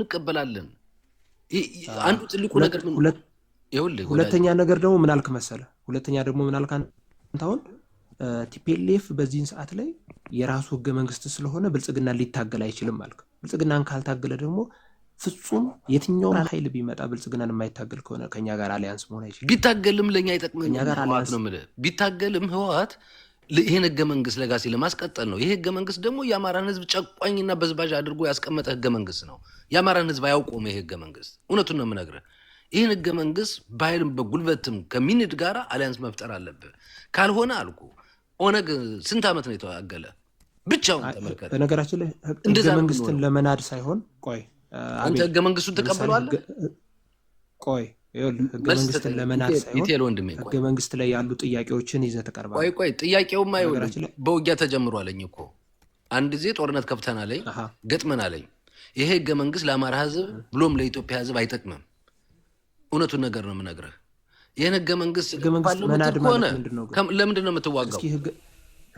እንቀበላለን። አንዱ ትልቁ ነገር ምን ሁለተኛ ነገር ደግሞ ምን አልክ መሰለ፣ ሁለተኛ ደግሞ ምን አልክ አንተ አሁን ቲፒኤልኤፍ በዚህን ሰዓት ላይ የራሱ ህገ መንግስት ስለሆነ ብልጽግና ሊታገል አይችልም አልክ። ብልጽግናን ካልታገለ ደግሞ ፍጹም የትኛውም ኃይል ቢመጣ ብልጽግናን የማይታገል ከሆነ ከኛ ጋር አሊያንስ መሆን አይችልም። ቢታገልም ለእኛ አይጠቅምም ነው የምልህ። ቢታገልም ህወሓት ይህን ህገ መንግስት ለጋሴ ለማስቀጠል ነው። ይህ ህገ መንግስት ደግሞ የአማራን ህዝብ ጨቋኝና በዝባዥ አድርጎ ያስቀመጠ ህገ መንግስት ነው። የአማራን ህዝብ አያውቁም ይህ ህገ መንግስት እውነቱን ነው የምነግርህ። ይህን ህገ መንግስት በኃይልም በጉልበትም ከሚንድ ጋር አሊያንስ መፍጠር አለብህ። ካልሆነ አልኩ ኦነግ ስንት ዓመት ነው የተዋገለ ብቻውን ተመልከት። በነገራችን ላይ ህገ መንግስትን ለመናድ ሳይሆን ቆይ አንተ ህገ መንግስቱን ተቀብለዋል ቆይ ህገ መንግስትን ለመናድ ሳይሆን ህገ መንግስት ላይ ያሉ ጥያቄዎችን ይዘህ ተቀርባለህ። ቆይ ቆይ ጥያቄውማ ይኸውልህ በውጊያ አለኝ እኮ አንድ ጊዜ ጦርነት ከፍተን አለኝ ገጥመን አለኝ ይሄ ህገ መንግስት ለአማራ ህዝብ ብሎም ለኢትዮጵያ ህዝብ አይጠቅምም። እውነቱን ነገር ነው የምነግርህ። ይህን ህገ መንግስት ለምንድን ነው የምትዋጋው?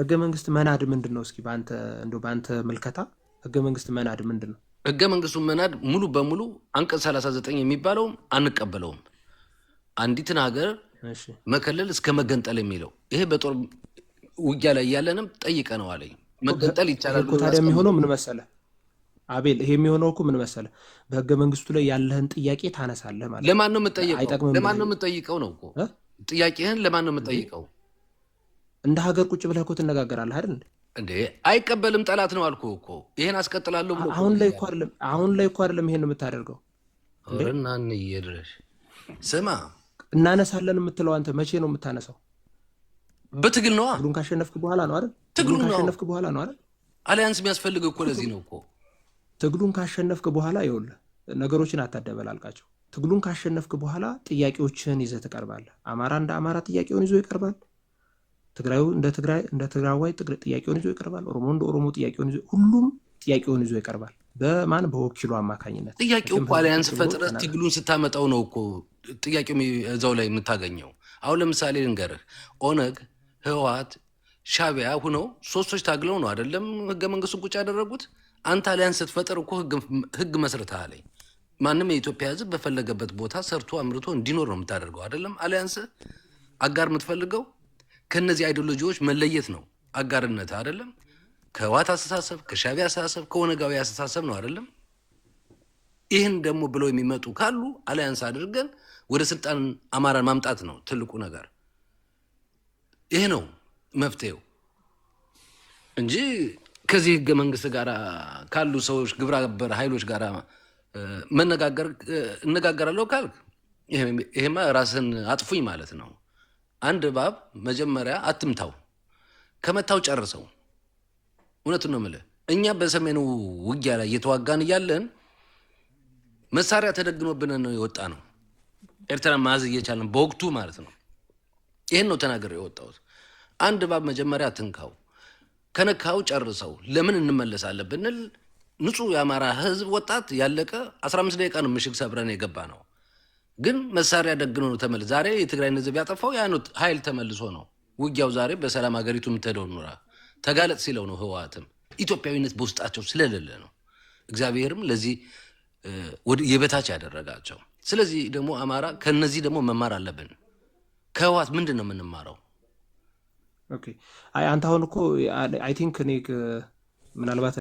ህገ መንግስት መናድ ምንድን ነው? እስኪ በአንተ ምልከታ ህገ መንግስት መናድ ምንድን ነው? ህገ መንግስቱን መናድ ሙሉ በሙሉ አንቀጽ 39 የሚባለውም አንቀበለውም። አንዲትን ሀገር መከለል እስከ መገንጠል የሚለው ይሄ በጦር ውጊያ ላይ እያለንም አለኝ። መገንጠል ይቻላል። ታዲያ የሚሆነው ምን መሰለህ አቤል፣ ይሄ የሚሆነው እኮ ምን መሰለህ በህገ መንግስቱ ላይ ያለህን ጥያቄ ታነሳለህ ማለት። ለማን ነው የምጠይቀው? ለማን ነው የምጠይቀው ነው እኮ ጥያቄህን፣ ለማን ነው የምጠይቀው? እንደ ሀገር ቁጭ ብለህ እኮ ትነጋገራለህ አይደል? እንዴ አይቀበልም፣ ጠላት ነው አልኩህ እኮ ይሄን አስቀጥላለሁ ብሎ አሁን ላይ እኮ አይደለም፣ አሁን ላይ እኮ አይደለም ይሄን የምታደርገው። ርናን እየድረሽ ስማ እናነሳለን የምትለው አንተ መቼ ነው የምታነሳው? በትግል ነዋ። ትግሉን ካሸነፍክ በኋላ ነው አይደል? ትግሉን ካሸነፍክ በኋላ ነው አይደል? አሊያንስ የሚያስፈልግ እኮ ለዚህ ነው እኮ። ትግሉን ካሸነፍክ በኋላ ይኸውልህ፣ ነገሮችን አታደበላልቃቸው። ትግሉን ካሸነፍክ በኋላ ጥያቄዎችህን ይዘህ ትቀርባለህ። አማራ እንደ አማራ ጥያቄውን ይዞ ይቀርባል። ትግራዩ እንደ ትግራይ እንደ ትግራዋይ ጥያቄውን ይዞ ይቀርባል። ኦሮሞ እንደ ኦሮሞ ጥያቄውን ይዞ ሁሉም ጥያቄውን ይዞ ይቀርባል። በማን በወኪሉ አማካኝነት ጥያቄው እኮ አሊያንስ ፈጥረህ ትግሉን ስታመጣው ነው እኮ ጥያቄው እዛው ላይ የምታገኘው። አሁን ለምሳሌ ልንገርህ፣ ኦነግ፣ ህወሓት፣ ሻቢያ ሁነው ሶስቶች ታግለው ነው አይደለም ህገ መንግስቱን ቁጭ ያደረጉት። አንተ አሊያን ስትፈጠር እኮ ህግ መስርታ አለኝ ማንም የኢትዮጵያ ህዝብ በፈለገበት ቦታ ሰርቶ አምርቶ እንዲኖር ነው የምታደርገው አይደለም። አሊያንስ አጋር የምትፈልገው ከእነዚህ አይዲዮሎጂዎች መለየት ነው አጋርነት አይደለም። ከህወሓት አስተሳሰብ፣ ከሻቢያ አስተሳሰብ፣ ከኦነጋዊ አስተሳሰብ ነው አይደለም። ይህን ደግሞ ብለው የሚመጡ ካሉ አሊያንስ አድርገን ወደ ስልጣን አማራን ማምጣት ነው ትልቁ ነገር። ይህ ነው መፍትሄው እንጂ ከዚህ ህገ መንግስት ጋር ካሉ ሰዎች ግብረ አበር ኃይሎች ጋር መነጋገር እነጋገራለሁ ካልክ ይሄማ ራስን አጥፉኝ ማለት ነው። አንድ እባብ መጀመሪያ አትምታው፣ ከመታው ጨርሰው። እውነት ነው የምልህ። እኛ በሰሜኑ ውጊያ ላይ እየተዋጋን እያለን መሳሪያ ተደግኖብን ነው የወጣ ነው። ኤርትራ ማዝ እየቻለን በወቅቱ ማለት ነው። ይህን ነው ተናገር የወጣሁት። አንድ እባብ መጀመሪያ ትንካው፣ ከነካው ጨርሰው ለምን እንመለሳለን ብንል ንጹህ የአማራ ህዝብ ወጣት ያለቀ 15 ደቂቃ ነው ምሽግ ሰብረን የገባ ነው። ግን መሳሪያ ደግኖ ነው ተመልስ። ዛሬ የትግራይን ህዝብ ያጠፋው ያ ኃይል ተመልሶ ነው ውጊያው። ዛሬ በሰላም ሀገሪቱ የምትሄደው ኑራ ተጋለጥ ሲለው ነው ህወሓትም ኢትዮጵያዊነት በውስጣቸው ስለሌለ ነው። እግዚአብሔርም ለዚህ የበታች ያደረጋቸው። ስለዚህ ደግሞ አማራ ከነዚህ ደግሞ መማር አለብን። ከህወሓት ምንድን ነው የምንማረው? አንተ አሁን እኮ አይ ቲንክ እኔ ምናልባት